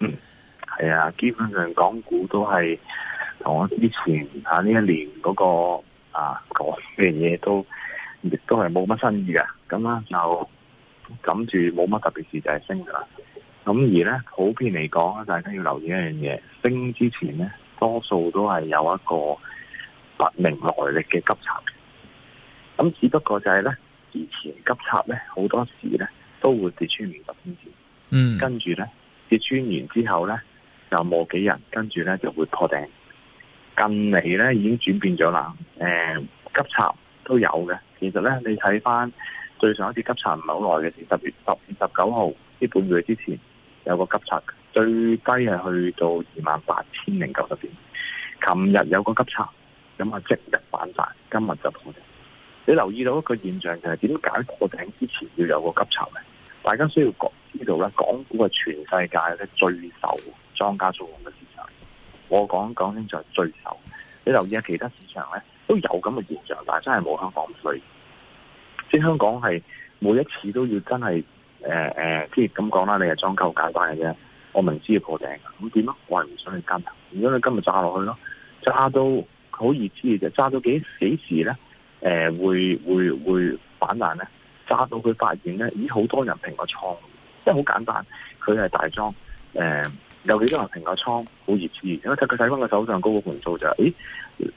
嗯，係啊，基本上港股都係同我之前喺呢一年嗰、那個啊講嘅嘢都亦都係冇乜新意嘅，咁啦就諗住冇乜特別事就係升噶啦。咁而咧普遍嚟講，大家要留意一樣嘢，升之前咧多數都係有一個不明來歷嘅急插，咁只不過就係咧以前急插咧好多時咧都會跌穿五百點，嗯，跟住咧。跌穿完之後呢，就冇幾日，跟住呢就會破頂。近嚟呢已經轉變咗啦，呃，急插都有嘅。其實呢，你睇翻最上一次急插唔係好耐嘅時，十月，十月十九號呢，半個月之前有個急插，最低係去到二萬八千零九十點。琴日有個急插，咁啊即日反彈，今日就破頂。你留意到一個現象就係點解破頂之前要有個急插呢？大家需要呢度咧，港股係全世界咧最受莊家做嘅市場。我講講清楚係最受。你留意下其他市場咧，都有咁嘅現象，但係真係冇香港稅。即係香港係每一次都要真係，誒、呃、誒，即係咁講啦，你係莊溝簡單嘅啫。我明知要破頂噶，咁點啊？我係唔想去跟頭。如果你今日揸落去咯，揸到好易知嘅就揸到幾幾時咧？誒、呃，會會會反彈咧？揸到佢發現咧，咦，好多人平個倉。即係好簡單，佢係大莊，誒、呃，有幾多人平個倉好易知。因睇佢睇翻個手上高嘅盤數就係，誒、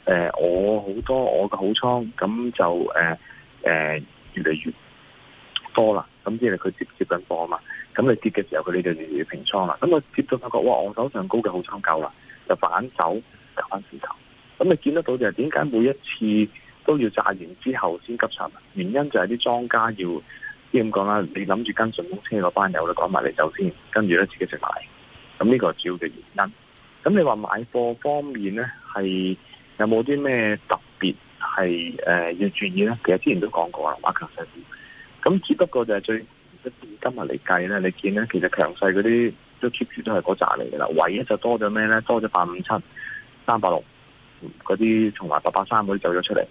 呃，我，好多我嘅好多我嘅好倉，咁就誒，誒、呃，越嚟越多啦。咁即係佢接接緊貨啊嘛。咁你跌嘅時候，佢哋就越嚟越平倉啦。咁啊，接到發覺哇，我手上高嘅好倉夠啦，就反走，走翻市頭。咁你見得到就係點解每一次都要炸完之後先急殺？原因就係啲莊家要。點講啦？你諗住跟順風車嗰班友咧，趕埋嚟，走先，跟住咧自己再買。咁呢個主要嘅原因。咁你話買貨方面咧，係有冇啲咩特別係誒要注意咧？其實之前都講過啦，挖強勢股。咁只不過就係最今日嚟計咧，你見咧，其實強勢嗰啲都 keep 住都係嗰扎嚟噶啦。唯一就多咗咩咧？多咗八五七、三八六嗰啲，從華八八三嗰啲走咗出嚟。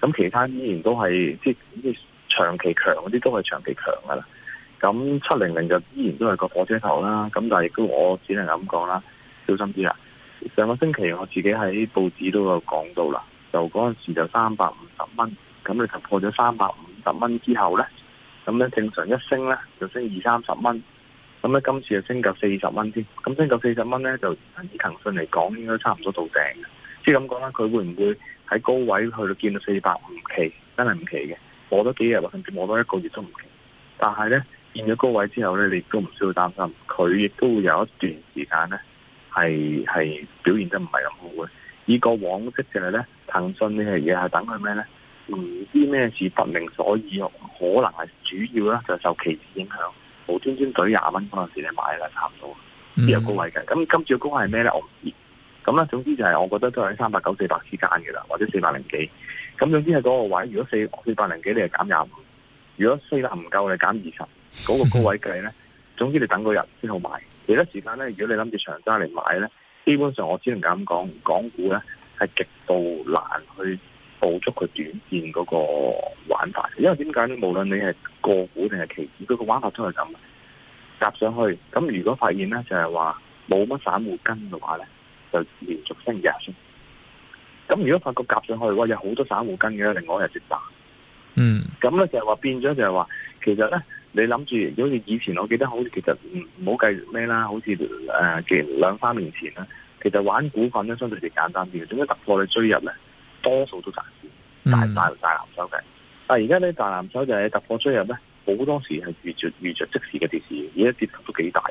咁其他依然都係即係。長期強嗰啲都係長期強噶啦，咁七零零就依然都係個火車頭啦，咁但係亦都我只能係咁講啦，小心啲啦。上個星期我自己喺報紙都有講到啦，由嗰陣時就三百五十蚊，咁你突破咗三百五十蚊之後呢，咁咧正常一升呢，就升二三十蚊，咁咧今次就升夠四十蚊先，咁升夠四十蚊呢，就以騰訊嚟講，應該差唔多到頂，即係咁講啦，佢會唔會喺高位去到見到四百五唔奇？真係唔奇嘅。摸多幾日或者甚至摸多一個月都唔奇，但係咧見咗高位之後咧，你亦都唔需要擔心，佢亦都會有一段時間咧係係表現得唔係咁好嘅。以個往昔就係咧騰訊呢樣嘢係等佢咩咧？唔知咩事不明所以，可能係主要咧就係、受期指影響，無端端懟廿蚊嗰陣時候你買咧差唔多，呢個高位嘅。咁今次嘅高位係咩咧？我唔知。咁啦，總之就係我覺得都係喺三百九四百之間嘅啦，或者四百零幾。咁總之係嗰個位，如果四四百零幾你係減廿五，如果四百唔夠你減二十，嗰個高位計咧，總之你等嗰日先好買。其他時間咧，如果你諗住長揸嚟買咧，基本上我只能咁講，港股咧係極度難去捕捉佢短線嗰個玩法。因為點解咧？無論你係個股定係期指，嗰個玩法都係咁夾上去。咁如果發現咧就係話冇乜散戶跟嘅話咧，就連續升日先。咁如果發覺夾上去，哇！有好多散戶跟嘅，另外又接打。嗯。咁咧就係話變咗，就係話其實咧，你諗住，如果你以前，我記得好似其實唔好計咩啦，好似誒，其、呃、兩三年前啦其實，玩股份咧相對嚟簡單啲，點解突破你追入咧，多數都賺錢，大賺大，大藍籌嘅。但係而家你大藍籌就係突破追入咧，好多時係遇著遇著即時嘅跌市，而家跌幅都幾大。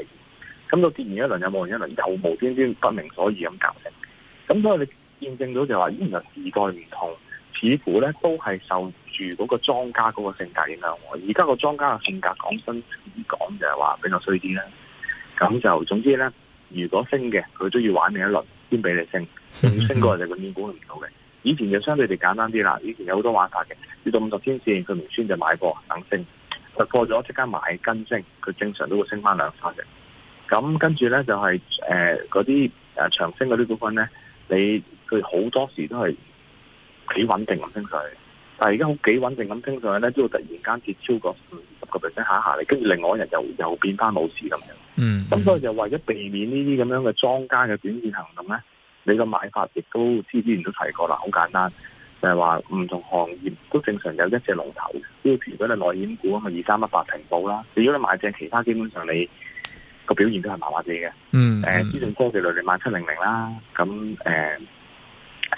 咁到跌完一輪有望一輪，有有又無端端不，不明所以咁搞成。咁所以你。正到就話，依然係時代唔同，似乎咧都係受住嗰個莊家嗰個性格影響。而家個莊家嘅性格講真，講就係話比較衰啲啦。咁、嗯、就總之咧，如果升嘅，佢都要玩你一輪先俾你升。升過就永遠估唔到嘅。以前就相對地簡單啲啦，以前有好多玩法嘅。要到五十天線佢唔穿就買過等升，就過咗即刻買跟升，佢正常都會升翻兩三隻。咁跟住咧就係誒嗰啲誒長升嗰啲股份咧，你。佢好多時都係幾穩定咁升上去，但係而家好幾穩定咁升上去咧，都突然間跌超過十個 percent，下下嚟，跟住另外一日又又變翻冇事咁樣。嗯，咁所以就為咗避免呢啲咁樣嘅莊家嘅短線行動咧，你個買法亦都之前都提過啦，好簡單就係話唔同行業都正常有一隻龍頭，因為除非你內險股啊嘛，二三一八平保啦，如果你買隻其他，基本上你個表現都係麻麻地嘅。Mm -hmm. 1700, 嗯，誒，呢隻科技類你買七零零啦，咁誒。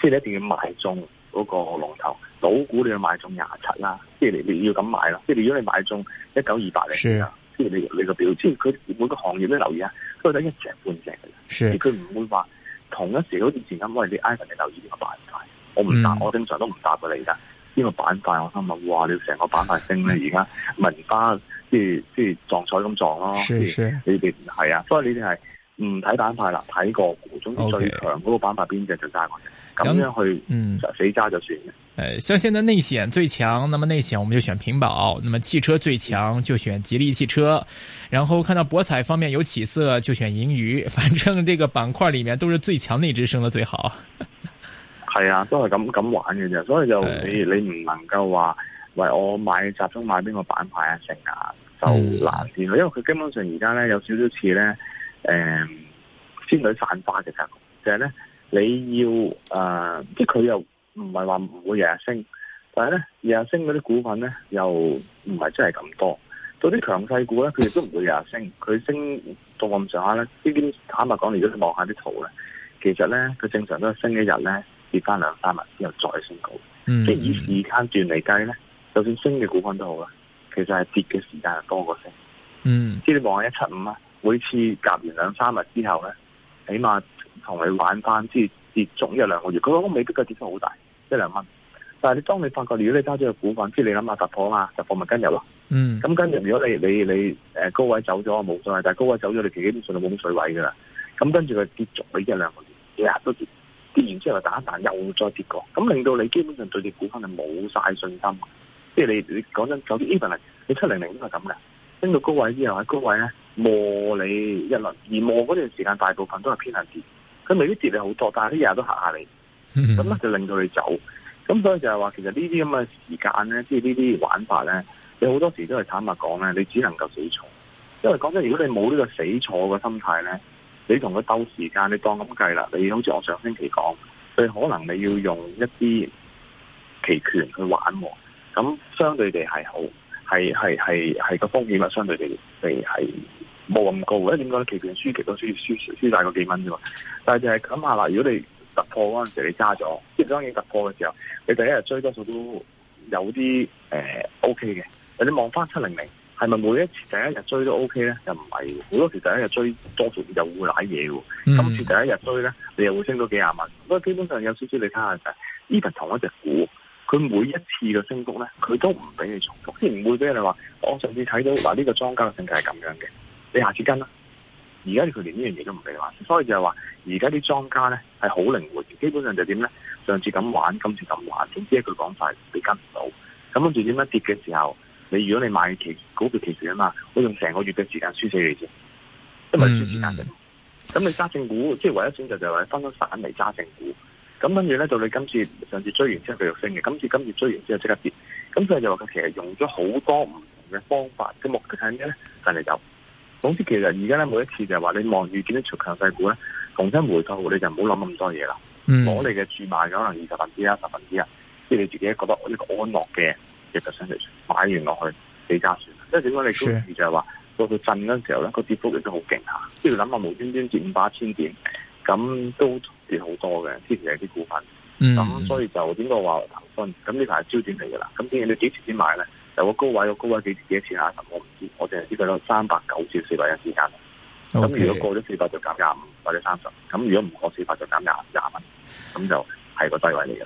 即係一定要買中嗰個龍頭，老股你要買中廿七啦，即係你要咁買啦，即係如果你買中一九二八零，即係你你個表，即係佢每個行業都留意啊。都得一隻半隻嘅啫，佢唔會話同一時好似前咁。喂，你 i p h 留意呢個板塊？我唔答，嗯、我正常都唔答過你噶。呢個板塊，我心諗哇，你成個板塊升咧，而家文花即係即係撞彩咁撞咯。你哋係啊，所以你哋係唔睇板塊啦，睇個股，總之最強嗰個板塊邊隻最揸嗰咁樣去就，嗯，死揸就算誒，像現在內險最強，那麼內險我們就選平保。那麼汽車最強就選吉利汽車。然後看到博彩方面有起色，就選銀娛。反正這個板塊裏面都是最強那支升得最好。係啊，都係咁咁玩嘅啫，所以就、哎、你你唔能夠話喂，我買集中買邊個板塊啊成啊，就難啲咯，嗯。因為佢基本上而家咧有少少似咧，誒、呃，仙女散花嘅格局就就係咧。你要啊、呃，即係佢又唔係話唔會日日升，但係咧日日升嗰啲股份咧又唔係真係咁多。到啲強勢股咧，佢亦都唔會日日升，佢升到咁上下咧。呢啲坦白講，如果你望下啲圖咧，其實咧佢正常都係升一日咧，跌翻兩三日之後再升高。即、嗯、係、嗯、以時間段嚟計咧，就算升嘅股份都好啦，其實係跌嘅時間係多過升。嗯，即你望下一七五啊，每次隔完兩三日之後咧，起碼。同你玩翻，即係跌足一兩個月，佢嗰個尾端嘅跌幅好大，一兩蚊。但係你當你發覺，如果你揸咗個股份，即係你諗下突破啊嘛，突破咪跟入啦。嗯。咁跟住，如果你你你誒高位走咗，冇所謂。但係高位走咗，你自己都信到冇水位噶啦。咁跟住佢跌足你一兩個月，日都跌，跌完之後就打一彈，又再跌過，咁令到你基本上對隻股份係冇晒信心。即係你你講真，有啲 even 係你七零零應該係咁嘅，升到高位之後喺高位咧磨你一輪，而磨嗰段時間大部分都係偏下跌。咁佢未必跌得好多，但係日日都吓下你，咁啊，就令到你走。咁所以就係話，其實呢啲咁嘅時間咧，即係呢啲玩法咧，你好多時都係坦白講咧，你只能夠死坐。因為講真，如果你冇呢個死坐嘅心態咧，你同佢鬥時間，你當咁計啦。你好似我上星期講，你可能你要用一啲期權去玩，咁相對地係好，係係係係個風險啊，相對地係。冇咁高嘅，點解咧？期權輸極都輸輸輸曬個幾蚊啫嘛。但係就係咁啊！嗱，如果你突破嗰陣時你揸咗，即係當年突破嘅時候，你第一日追多數都有啲誒、呃、OK 嘅。你望翻七零零，係咪每一次第一日追都 OK 咧？又唔係好多時第一日追多數又會瀨嘢嘅。今次第一日追咧、嗯，你又會升到幾廿萬。不過基本上有少少你睇下就係、是，even 同一隻股，佢每一次嘅升幅咧，佢都唔俾你重複，唔會俾你話。我上次睇到嗱，呢、啊呢個莊家嘅性格係咁樣嘅。你下次跟啦，而家佢連呢樣嘢都唔俾你玩，所以就係話而家啲莊家咧係好靈活，基本上就點咧，上次咁玩，今次咁玩，總之一句講法，你跟唔到。咁跟住點樣跌嘅時候，你如果你買期股票期權啊嘛，你用成個月嘅時間輸死你先，即係唔時間咁你揸正股，即係唯一選擇就係話分咗散嚟揸正股咁跟住咧，到你今次上次追完之後繼續升嘅，今次今次追完之後即刻跌，咁所以就話佢其實用咗好多唔同嘅方法，即係目的係咩咧？就係有。總之其實而家咧，每一次就係話你望住見啲強強勢股咧，逢親回頭你就唔好諗咁多嘢啦。我哋嘅注買可能二十分之一、十分之一，即係你自己覺得一個安樂嘅亦就相嚟，買完落去你揸算。即係點解你中期就係話到到震嗰陣時候咧，個跌幅亦都好勁，即係諗下無端端跌五百一千點，咁都跌好多嘅。之前有啲股份，咁、嗯、所以就點解話騰訊？咁呢排係焦點嚟噶啦。咁你你幾時先買咧？有個高位，個高位幾幾多錢啊？我唔知，我淨係知道咗三百九至四百一之間。咁、okay. 如果過咗四百就減廿五或者三十，咁如果唔過四百就減廿廿蚊，咁就係個低位嚟嘅。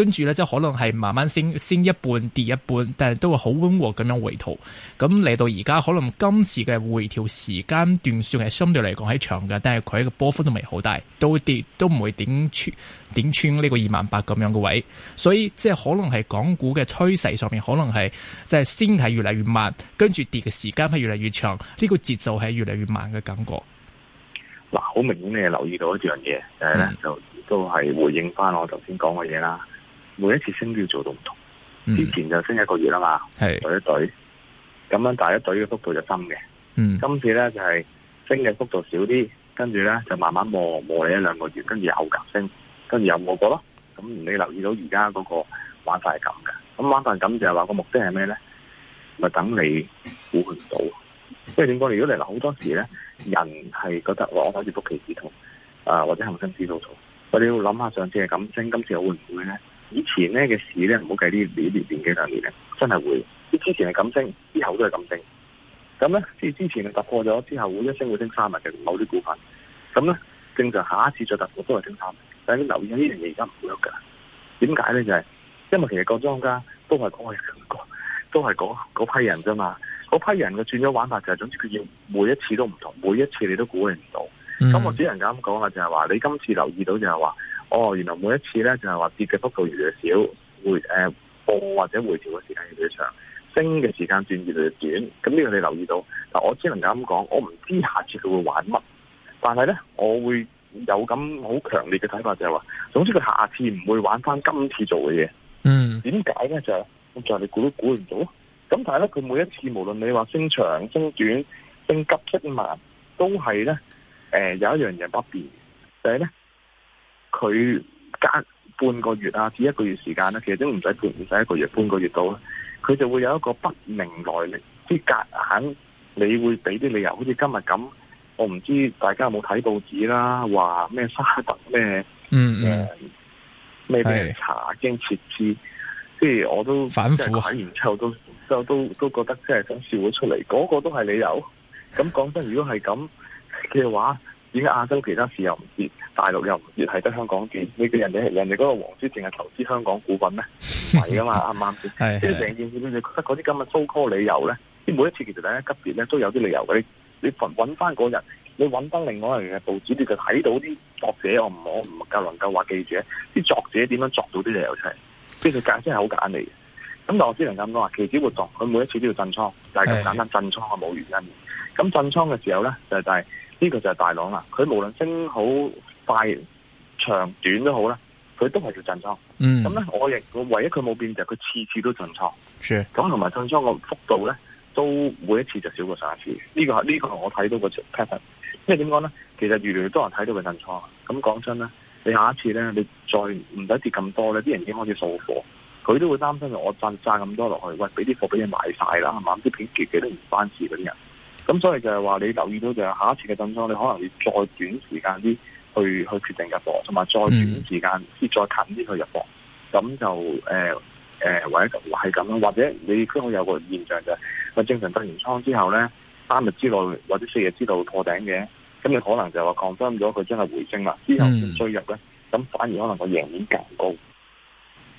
跟住咧，即係可能係慢慢升，升一半，跌一半，但係都會好溫和咁樣回吐。咁嚟到而家，可能今次嘅回調時間段算係相對嚟講係長嘅，但係佢一個波幅都未好大，都跌都唔會點穿點穿呢個二萬八咁樣嘅位。所以即係可能係港股嘅趨勢上面，可能係即係先係越嚟越慢，跟住跌嘅時間係越嚟越長，呢、這個節奏係越嚟越慢嘅感覺。嗱、嗯，好明顯你留意到一樣嘢，就係咧就都係回應翻我頭先講嘅嘢啦。每一次升都要做到唔同，之、嗯、前就升一個月啦嘛，係懟一懟，咁樣大一懟嘅幅度就深嘅。嗯，今次咧就係、是、升嘅幅度少啲，跟住咧就慢慢磨磨你一兩個月，跟住又格升，跟住又磨過咯。咁你留意到而家嗰個玩法係咁嘅，咁玩法係咁就係話個目的係咩咧？咪等你估佢唔到。即係點講如果嚟嗱，好多時咧，人係覺得、哦、我可以複期止套，啊、呃、或者恒生止到做。我哋要諗下上次係咁升，今次會唔會咧？以前咧嘅市咧唔好計呢年年幾兩年嘅，真係會。之前係咁升，之後都係咁升。咁咧，即係之前突破咗之後，會一升會升三萬嘅某啲股份。咁咧，正常下一次再突破都係升三萬。但係你留意到呢樣嘢，而家唔會喐噶。點解咧？就係、是、因為其實講莊家都係講係兩個，都係嗰批人啫嘛。嗰批人嘅轉咗玩法就係，總之佢要每一次都唔同，每一次你都估你唔到。咁、嗯、我只能咁講啊，就係話你今次留意到就係話。哦，原來每一次咧就係話跌嘅幅度越來越少，回誒播或者回調嘅時間越嚟越長，升嘅時間段越來越短。咁呢個你留意到。嗱，我只能夠咁講，我唔知下次佢會玩乜，但係咧我會有咁好強烈嘅睇法就係話，總之佢下次唔會玩翻今次做嘅嘢。嗯。點解咧？就、就係你估都估唔到。咁但係咧，佢每一次無論你話升長、升短、升急、升慢，都係咧誒有一樣嘢不變，就係咧。佢隔半個月啊，至一個月時間咧，其實都唔使半唔使一個月，半個月到啦。佢就會有一個不明來歷，即係隔硬，你會俾啲理由。好似今日咁，我唔知大家有冇睇報紙啦，話咩沙特咩，嗯，嗯，咩俾人查，經設置，即係我都反正睇完之後都都都都覺得即係想笑咗出嚟。嗰個都係理由。咁講真，如果係咁嘅話，點解亞洲其他市又唔知？大陸又唔係得香港跌，你叫人哋人哋嗰個黃叔淨係投資香港股份咩？唔係啊嘛，啱啱即係，成 件事，你覺得嗰啲咁嘅 so call 理由咧，即每一次其實咧急跌咧都有啲理由嘅。你揾翻嗰日，你揾翻另外一樣嘅報紙，你就睇到啲作者，我唔我唔夠能夠話記住咧。啲、啊、作者點樣作到啲理由出嚟？即係佢解釋係好簡單嘅。咁但我只能咁講話，其子活動佢每一次都要震倉，就係、是、咁簡單。震倉係冇原因嘅。咁震倉嘅時候咧就是、就係、是、呢、這個就係大浪啦。佢無論升好。快、長、短都好啦，佢都係叫震倉。嗯，咁咧，我亦我唯一佢冇變就係佢次次都震倉。咁，同埋震倉個幅度咧，都每一次就少過上一次。呢、這個係呢、這個我睇到個 pattern。因為點講咧，其實越嚟越多人睇到佢震倉。咁講真咧，你下一次咧，你再唔使跌咁多咧，啲人已經開始掃貨，佢都會擔心我賺賺咁多落去，喂，俾啲貨俾你買晒啦，係嘛？啲騙局嘅都唔關事嗰啲人。咁所以就係話，你留意到就係下一次嘅震倉，你可能要再短時間啲。去去決定入貨，同埋再短時間，亦再近啲去入貨，咁、嗯、就誒誒、呃呃，或者係咁，或者你都好有個現象就係，佢正常進完倉之後咧，三日之內或者四日之內會破頂嘅，咁你可能就話 confirm 咗，佢真係回升啦，之後追入咧，咁反而可能個贏面更高。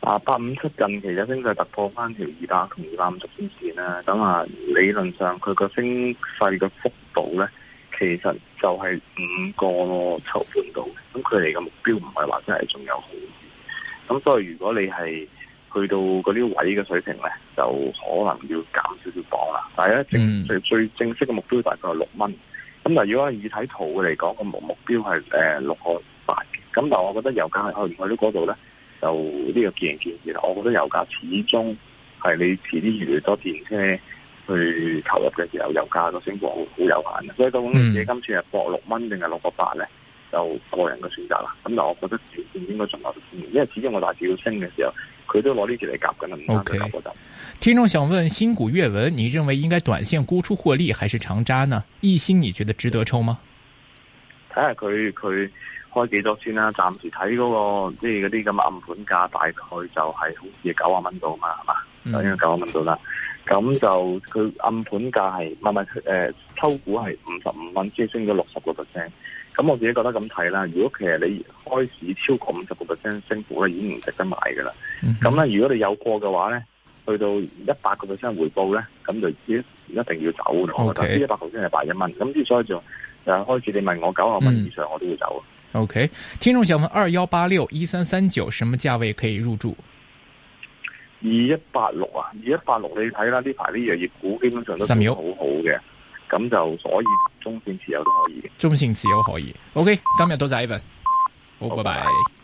啊，八五七近期嘅升勢突破翻條二百同二百五十線啦，咁啊，理論上佢個升勢嘅幅度咧，其實就係五個咯，七半度。咁佢哋嘅目標唔係話真係仲有好遠。咁所以如果你係去到嗰啲位嘅水平咧，就可能要減少少檔啦。但係咧、嗯、正最最正式嘅目標大概係六蚊。咁但係如果係睇圖嚟講，個目目標係誒六個八嘅。咁但係我覺得油價係可能去到嗰度咧。就呢個見仁見智啦，我覺得油價始終係你遲啲越來越多電車去投入嘅時候，油價個升幅好有限嘅。所以究竟你今次係搏六蚊定係六個八咧，就個人嘅選擇啦。咁但係我覺得短線應該仲留得住，因為始終我大致要升嘅時候，佢都攞呢條嚟夾緊。O K，聽眾想問新股閱文，你認為應該短線沽出獲利，還是長揸呢？易鑫，你覺得值得抽嗎？睇下佢佢。開幾多先啦、啊？暫時睇嗰、嗰個即係嗰啲咁嘅暗盤價，大概就係好似九啊蚊度嘛，係嘛，大約九啊蚊度啦。咁就佢暗盤價係，唔係誒，抽股係五十五蚊，即係升咗六十個 percent。咁我自己覺得咁睇啦。如果其實你開始超過五十個 percent 升幅咧，已經唔值得買噶啦。咁、mm、咧 -hmm.，如果你有過嘅話咧，去到一百個 percent 回報咧，咁就一定要走。我覺得呢一百 percent 係百一蚊。咁之所以就誒，開始你問我九啊蚊以上，我都要走。Mm -hmm. OK，聽眾想問二幺八六一三三九，什麼價位可以入住？二一八六啊，二一八六你睇啦，呢排啲藥業股基本上都十秒好好嘅，咁就所以中線持有都可以，中線持有可以。OK，今日多謝阿 Vin，好拜拜。